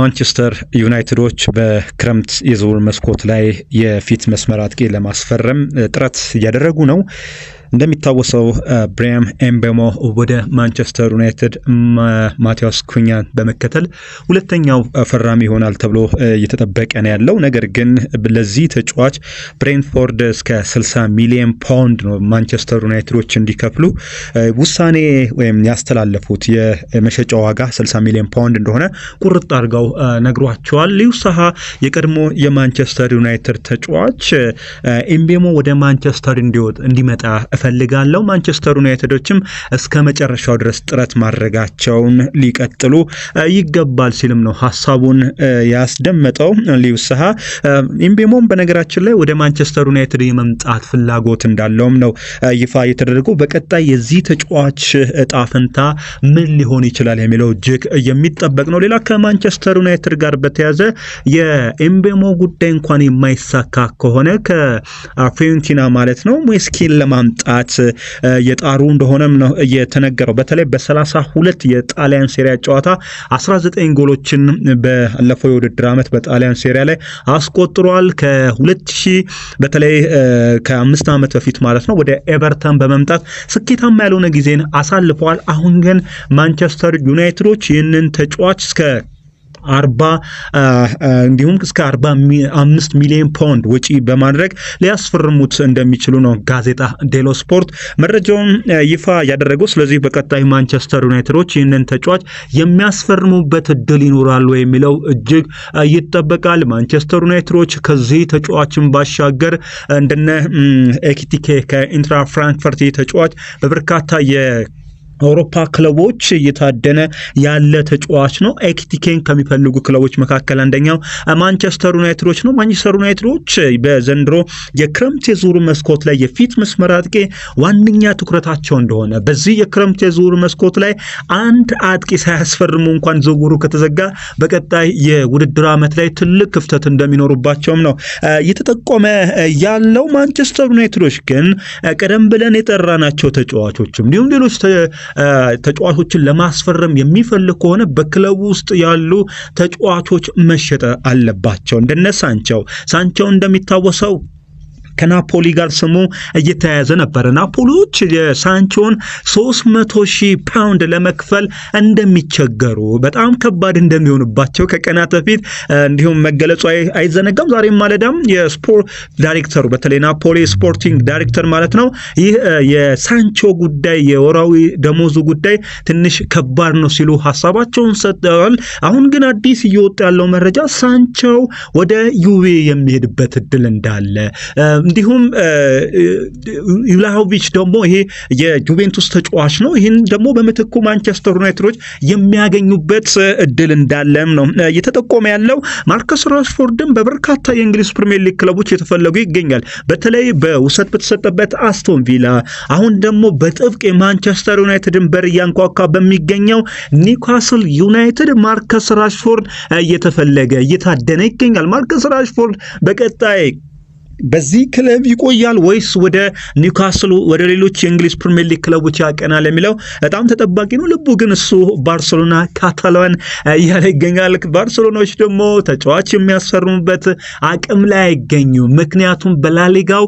ማንቸስተር ዩናይትዶች በክረምት የዝውውር መስኮት ላይ የፊት መስመር አጥቂ ለማስፈረም ጥረት እያደረጉ ነው። እንደሚታወሰው ብሪያም ኤምቤሞ ወደ ማንቸስተር ዩናይትድ ማቲያስ ኩኛን በመከተል ሁለተኛው ፈራሚ ይሆናል ተብሎ እየተጠበቀ ነው ያለው። ነገር ግን ለዚህ ተጫዋች ብሬንፎርድ እስከ 60 ሚሊዮን ፓውንድ ነው ማንቸስተር ዩናይትዶች እንዲከፍሉ ውሳኔ ወይም ያስተላለፉት። የመሸጫ ዋጋ 60 ሚሊዮን ፓውንድ እንደሆነ ቁርጥ አድርገው ነግሯቸዋል። ሊዩ ሳሃ የቀድሞ የማንቸስተር ዩናይትድ ተጫዋች ኤምቤሞ ወደ ማንቸስተር እንዲወጥ እንዲመጣ እፈልጋለሁ። ማንቸስተር ዩናይትዶችም እስከ መጨረሻው ድረስ ጥረት ማድረጋቸውን ሊቀጥሉ ይገባል ሲልም ነው ሀሳቡን ያስደመጠው ሊውስሀ ኢምቤሞም በነገራችን ላይ ወደ ማንቸስተር ዩናይትድ የመምጣት ፍላጎት እንዳለውም ነው ይፋ የተደረገው። በቀጣይ የዚህ ተጫዋች እጣ ፈንታ ምን ሊሆን ይችላል የሚለው እጅግ የሚጠበቅ ነው። ሌላ ከማንቸስተር ዩናይትድ ጋር በተያዘ የኤምቤሞ ጉዳይ እንኳን የማይሳካ ከሆነ ከፊዮሬንቲና ማለት ነው ሞስኪን ለማምጣት ለማምጣት የጣሩ እንደሆነም ነው የተነገረው። በተለይ በሰላሳ ሁለት የጣሊያን ሴሪያ ጨዋታ 19 ጎሎችን ባለፈው የውድድር ዓመት በጣሊያን ሴሪያ ላይ አስቆጥሯል። ከ2000 በተለይ ከአምስት ዓመት በፊት ማለት ነው ወደ ኤቨርተን በመምጣት ስኬታማ ያልሆነ ጊዜን አሳልፈዋል። አሁን ግን ማንቸስተር ዩናይትዶች ይህንን ተጫዋች እስከ አርባ እንዲሁም እስከ አርባ አምስት ሚሊዮን ፓውንድ ወጪ በማድረግ ሊያስፈርሙት እንደሚችሉ ነው ጋዜጣ ዴሎ ስፖርት መረጃውን ይፋ ያደረገው። ስለዚህ በቀጣይ ማንቸስተር ዩናይትዶች ይህንን ተጫዋች የሚያስፈርሙበት እድል ይኖራሉ የሚለው እጅግ ይጠበቃል። ማንቸስተር ዩናይትዶች ከዚህ ተጫዋችን ባሻገር እንደነ ኤኪቲኬ ከኢንትራ ፍራንክፈርት ተጫዋች በበርካታ አውሮፓ ክለቦች እየታደነ ያለ ተጫዋች ነው። ኤኪቲኬን ከሚፈልጉ ክለቦች መካከል አንደኛው ማንቸስተር ዩናይትዶች ነው። ማንቸስተር ዩናይትዶች በዘንድሮ የክረምት የዙር መስኮት ላይ የፊት መስመር አጥቂ ዋነኛ ትኩረታቸው እንደሆነ በዚህ የክረምት የዙር መስኮት ላይ አንድ አጥቂ ሳያስፈርሙ እንኳን ዝውውሩ ከተዘጋ በቀጣይ የውድድር ዓመት ላይ ትልቅ ክፍተት እንደሚኖሩባቸውም ነው እየተጠቆመ ያለው። ማንቸስተር ዩናይትዶች ግን ቀደም ብለን የጠራናቸው ተጫዋቾችም እንዲሁም ሌሎች ተጫዋቾችን ለማስፈረም የሚፈልግ ከሆነ በክለቡ ውስጥ ያሉ ተጫዋቾች መሸጥ አለባቸው። እንደነ ሳንቸው ሳንቸው እንደሚታወሰው ከናፖሊ ጋር ስሙ እየተያያዘ ነበር። ናፖሊዎች የሳንቾን 300 ሺህ ፓውንድ ለመክፈል እንደሚቸገሩ በጣም ከባድ እንደሚሆንባቸው ከቀናት በፊት እንዲሁም መገለጹ አይዘነጋም። ዛሬም ማለዳም የስፖርት ዳይሬክተሩ በተለይ ናፖሊ ስፖርቲንግ ዳይሬክተር ማለት ነው ይህ የሳንቾ ጉዳይ የወራዊ ደሞዙ ጉዳይ ትንሽ ከባድ ነው ሲሉ ሀሳባቸውን ሰጥተዋል። አሁን ግን አዲስ እየወጣ ያለው መረጃ ሳንቾ ወደ ዩቬ የሚሄድበት እድል እንዳለ እንዲሁም ዩላሆቪች ደግሞ ይሄ የጁቬንቱስ ተጫዋች ነው። ይህን ደግሞ በምትኩ ማንቸስተር ዩናይትዶች የሚያገኙበት እድል እንዳለም ነው እየተጠቆመ ያለው። ማርከስ ራሽፎርድም በበርካታ የእንግሊዝ ፕሪሚየር ሊግ ክለቦች የተፈለጉ ይገኛል። በተለይ በውሰት በተሰጠበት አስቶን ቪላ፣ አሁን ደግሞ በጥብቅ የማንቸስተር ዩናይትድን በር እያንኳኳ በሚገኘው ኒውካስል ዩናይትድ ማርከስ ራሽፎርድ እየተፈለገ እየታደነ ይገኛል። ማርከስ ራሽፎርድ በቀጣይ በዚህ ክለብ ይቆያል ወይስ ወደ ኒውካስሉ ወደ ሌሎች የእንግሊዝ ፕሪሚየር ሊግ ክለቦች ያቀናል የሚለው በጣም ተጠባቂ ነው። ልቡ ግን እሱ ባርሴሎና ካታላን እያለ ይገኛል። ባርሰሎናዎች ደግሞ ተጫዋች የሚያስፈርሙበት አቅም ላይ አይገኙ ምክንያቱም በላሊጋው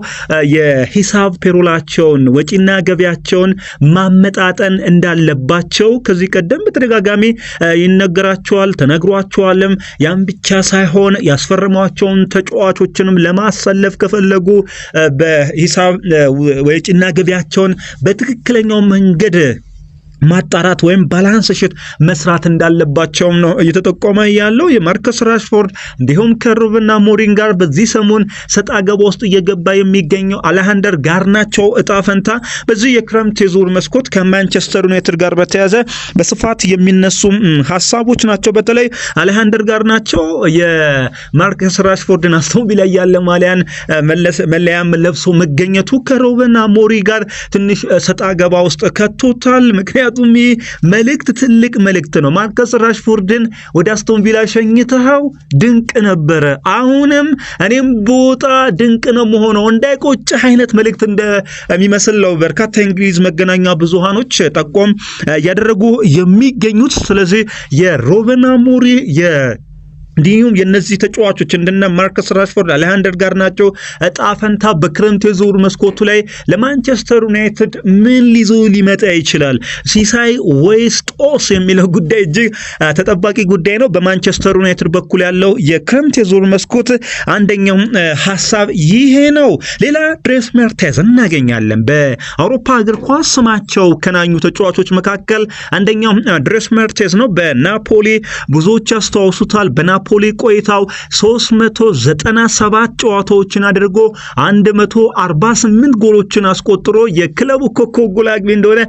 የሂሳብ ፔሮላቸውን ወጪና ገቢያቸውን ማመጣጠን እንዳለባቸው ከዚህ ቀደም በተደጋጋሚ ይነገራቸዋል ተነግሯቸዋልም። ያም ብቻ ሳይሆን ያስፈረሟቸውን ተጫዋቾችንም ለማሰለፍ ከፈለጉ በሂሳብ ወጪና ገቢያቸውን በትክክለኛው መንገድ ማጣራት ወይም ባላንስ ሽት መስራት እንዳለባቸውም ነው እየተጠቆመ ያለው። የማርከስ ራሽፎርድ እንዲሁም ከሩብና ሞሪን ጋር በዚህ ሰሞን ሰጣ ገባ ውስጥ እየገባ የሚገኘው አላሃንደር ጋርናቾ እጣ ፈንታ በዚህ የክረምት የዙር መስኮት ከማንቸስተር ዩናይትድ ጋር በተያዘ በስፋት የሚነሱ ሀሳቦች ናቸው። በተለይ አላሃንደር ጋርናቾ የማርከስ ራሽፎርድን አስቶን ቪላ ያለ ማሊያን መለያም ለብሶ መገኘቱ ከሩበን ሞሪ ጋር ትንሽ ሰጣ ገባ ውስጥ ከቶታል ምክንያቱ ምክንያቱም ይህ መልእክት ትልቅ መልእክት ነው። ማርከስ ራሽፎርድን ወደ አስቶንቪላ ሸኝተኸው ድንቅ ነበረ። አሁንም እኔም በወጣ ድንቅ ነው መሆነው እንዳይቆጭህ አይነት መልእክት እንደሚመስል ነው በርካታ የእንግሊዝ መገናኛ ብዙሃኖች ጠቆም እያደረጉ የሚገኙት። ስለዚህ የሮበን የ እንዲሁም የነዚህ ተጫዋቾች እንደነ ማርከስ ራሽፎርድ፣ አሌሃንደር ጋር ናቸው እጣ ፈንታ በክረምት የዝውውር መስኮቱ ላይ ለማንቸስተር ዩናይትድ ምን ሊዞ ሊመጣ ይችላል? ሲሳይ ወይስ ጦስ የሚለው ጉዳይ እጅግ ተጠባቂ ጉዳይ ነው። በማንቸስተር ዩናይትድ በኩል ያለው የክረምት የዝውውር መስኮት አንደኛው ሀሳብ ይሄ ነው። ሌላ ድሬስ መርቴዝ እናገኛለን። በአውሮፓ እግር ኳስ ስማቸው ከናኙ ተጫዋቾች መካከል አንደኛው ድሬስ መርቴዝ ነው። በናፖሊ ብዙዎች ያስተዋውሱታል። በናፖ በናፖሊ ቆይታው 397 ጨዋታዎችን አድርጎ 148 ጎሎችን አስቆጥሮ የክለቡ ኮከብ ጎል አግቢ እንደሆነ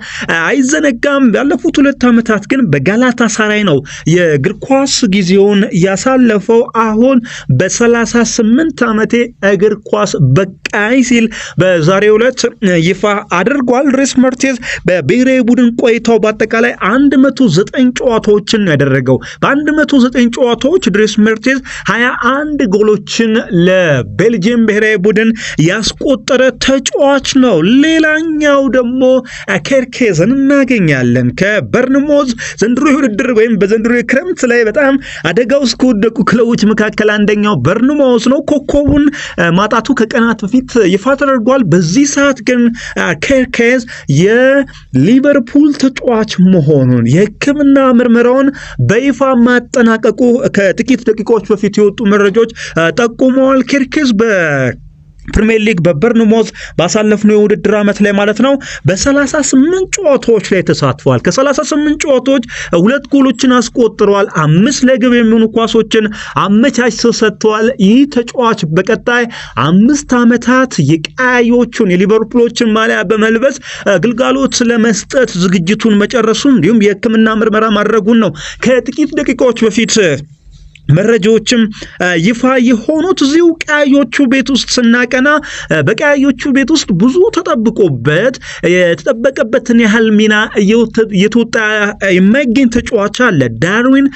አይዘነጋም። ያለፉት ሁለት ዓመታት ግን በጋላታ ሳራይ ነው የእግር ኳስ ጊዜውን ያሳለፈው። አሁን በ38 ዓመቴ እግር ኳስ በቃኝ ሲል በዛሬው ዕለት ይፋ አድርጓል። ሬስ መርቴዝ በብሔራዊ ቡድን ቆይታው በአጠቃላይ 109 ጨዋታዎችን ያደረገው በ109 ጨዋታዎች ዲሚትሪስ ምርቲዝ 21 ጎሎችን ለቤልጅየም ብሔራዊ ቡድን ያስቆጠረ ተጫዋች ነው። ሌላኛው ደግሞ ኬርኬዝን እናገኛለን። ከበርንሞዝ ዘንድሮ የውድድር ወይም በዘንድሮ የክረምት ላይ በጣም አደጋ ውስጥ ከወደቁ ክለቦች መካከል አንደኛው በርንሞዝ ነው። ኮከቡን ማጣቱ ከቀናት በፊት ይፋ ተደርጓል። በዚህ ሰዓት ግን ኬርኬዝ የሊቨርፑል ተጫዋች መሆኑን የሕክምና ምርመራውን በይፋ ማጠናቀቁ ከጥቂት ከጥቂት ደቂቃዎች በፊት የወጡ መረጃዎች ጠቁመዋል። ኪርኪዝ በ ፕሪሚየር ሊግ በበርንሞዝ ባሳለፍነው የውድድር ዓመት ላይ ማለት ነው በ38 ጨዋታዎች ላይ ተሳትፏል። ከ38 ጨዋታዎች ሁለት ጎሎችን አስቆጥረዋል። አምስት ለግብ የሚሆኑ ኳሶችን አመቻችተው ሰጥተዋል። ይህ ተጫዋች በቀጣይ አምስት ዓመታት የቀያዮቹን የሊቨርፑሎችን ማሊያ በመልበስ ግልጋሎት ለመስጠት ዝግጅቱን መጨረሱን እንዲሁም የሕክምና ምርመራ ማድረጉን ነው ከጥቂት ደቂቃዎች በፊት መረጃዎችም ይፋ የሆኑት እዚሁ ቀያዮቹ ቤት ውስጥ ስናቀና በቀያዮቹ ቤት ውስጥ ብዙ ተጠብቆበት የተጠበቀበትን ያህል ሚና እየተወጣ የማይገኝ ተጫዋች አለ። ዳርዊን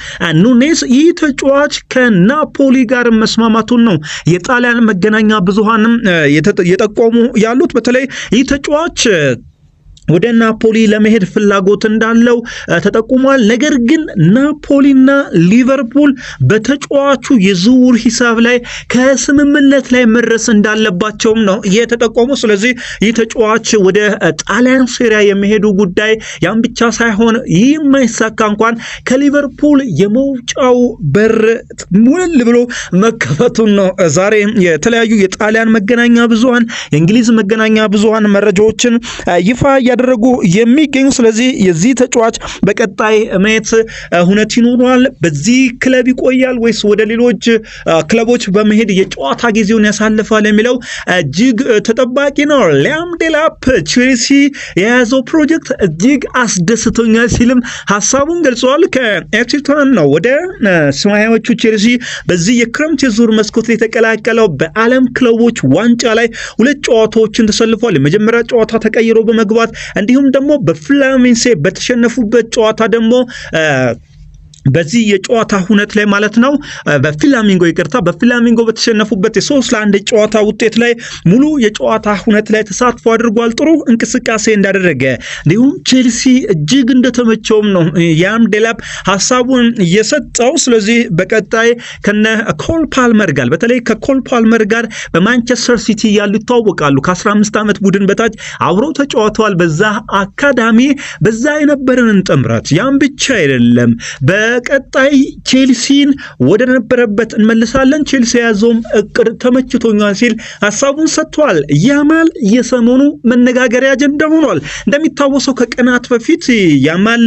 ኑኔስ። ይህ ተጫዋች ከናፖሊ ጋር መስማማቱን ነው የጣሊያን መገናኛ ብዙሃንም የጠቆሙ ያሉት። በተለይ ይህ ተጫዋች ወደ ናፖሊ ለመሄድ ፍላጎት እንዳለው ተጠቁሟል። ነገር ግን ናፖሊና ሊቨርፑል በተጫዋቹ የዝውውር ሂሳብ ላይ ከስምምነት ላይ መድረስ እንዳለባቸውም ነው የተጠቆሙ። ስለዚህ ይህ ተጫዋች ወደ ጣሊያን ሴሪያ የመሄዱ ጉዳይ ያም ብቻ ሳይሆን ይህ የማይሳካ እንኳን ከሊቨርፑል የመውጫው በር ሙልል ብሎ መከፈቱን ነው ዛሬ የተለያዩ የጣሊያን መገናኛ ብዙሃን የእንግሊዝ መገናኛ ብዙሃን መረጃዎችን ይፋ እያደረጉ የሚገኙ ስለዚህ የዚህ ተጫዋች በቀጣይ ማየት ሁነት ይኖረዋል። በዚህ ክለብ ይቆያል ወይስ ወደ ሌሎች ክለቦች በመሄድ የጨዋታ ጊዜውን ያሳልፋል የሚለው እጅግ ተጠባቂ ነው። ሊያም ዴላፕ ቼልሲ የያዘው ፕሮጀክት እጅግ አስደስቶኛል ሲልም ሀሳቡን ገልጿል። ከኤፕሲቷን ነው ወደ ሰማያዊዎቹ ቼልሲ በዚህ የክረምት የዙር መስኮት የተቀላቀለው በዓለም ክለቦች ዋንጫ ላይ ሁለት ጨዋታዎችን ተሰልፏል። የመጀመሪያ ጨዋታ ተቀይሮ በመግባት እንዲሁም ደግሞ በፍላሜንሴ በተሸነፉበት ጨዋታ ደግሞ በዚህ የጨዋታ ሁነት ላይ ማለት ነው በፊላሚንጎ ይቅርታ፣ በፊላሚንጎ በተሸነፉበት የሶስት ለአንድ የጨዋታ ውጤት ላይ ሙሉ የጨዋታ ሁነት ላይ ተሳትፎ አድርጓል። ጥሩ እንቅስቃሴ እንዳደረገ እንዲሁም ቼልሲ እጅግ እንደተመቸውም ነው ያም ዴላፕ ሀሳቡን እየሰጠው። ስለዚህ በቀጣይ ከነ ኮል ፓልመር ጋር በተለይ ከኮል ፓልመር ጋር በማንቸስተር ሲቲ ያሉ ይታወቃሉ። ከ15 ዓመት ቡድን በታች አብረው ተጫውተዋል። በዛ አካዳሚ በዛ የነበረንን ጥምረት ያም ብቻ አይደለም በ በቀጣይ ቼልሲን ወደ ነበረበት እንመልሳለን። ቼልሲ የያዘውም እቅድ ተመችቶኛል ሲል ሀሳቡን ሰጥቷል። ያማል የሰሞኑ መነጋገሪያ አጀንዳ ሆኗል። እንደሚታወሰው ከቀናት በፊት ያማል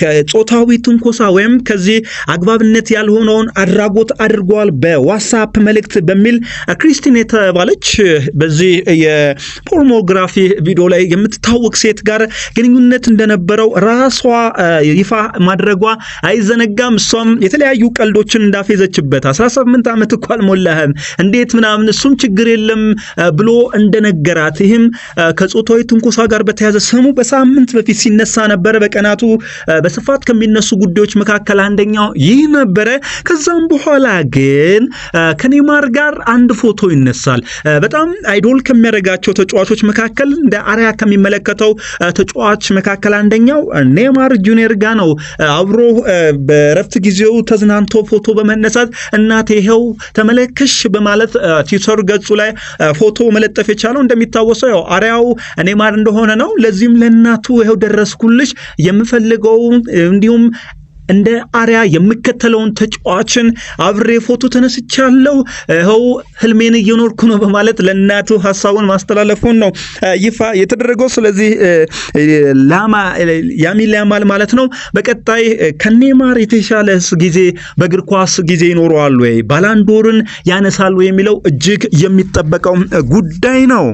ከጾታዊ ትንኮሳ ወይም ከዚህ አግባብነት ያልሆነውን አድራጎት አድርጓል በዋትሳፕ መልእክት በሚል ክሪስቲን የተባለች በዚህ የፖርኖግራፊ ቪዲዮ ላይ የምትታወቅ ሴት ጋር ግንኙነት እንደነበረው ራሷ ይፋ ማድረጓ አይዘነጋም። እሷም የተለያዩ ቀልዶችን እንዳፌዘችበት 18 ዓመት እኳ አልሞላህም እንዴት ምናምን እሱም ችግር የለም ብሎ እንደነገራት ይህም ከጾታዊ ትንኮሳ ጋር በተያዘ ስሙ በሳምንት በፊት ሲነሳ ነበረ። በቀናቱ በስፋት ከሚነሱ ጉዳዮች መካከል አንደኛው ይህ ነበረ። ከዛም በኋላ ግን ከኔማር ጋር አንድ ፎቶ ይነሳል። በጣም አይዶል ከሚያደርጋቸው ተጫዋቾች መካከል እንደ አርያ ከሚመለከተው ተጫዋች መካከል አንደኛው ኔማር ጁኒየር ጋ ነው። አብሮ በረፍት ጊዜው ተዝናንቶ ፎቶ በመነሳት እናቴ ይኸው ተመለከሽ በማለት ትዊተር ገጹ ላይ ፎቶ መለጠፍ የቻለው እንደሚታወሰው ያው አርያው ኔማር እንደሆነ ነው። ለዚህም ለእናቱ ይኸው ደረስኩልሽ የምፈልገው እንዲሁም እንደ አሪያ የምከተለውን ተጫዋችን አብሬ ፎቶ ተነስቻለሁ፣ ይኸው ህልሜን እየኖርኩ ነው በማለት ለእናቱ ሀሳቡን ማስተላለፉን ነው ይፋ የተደረገው። ስለዚህ ላማ ያሚን ያማል ማለት ነው በቀጣይ ከኔማር የተሻለ ጊዜ በእግር ኳስ ጊዜ ይኖረዋል ወይ፣ ባላንዶርን ያነሳሉ የሚለው እጅግ የሚጠበቀው ጉዳይ ነው።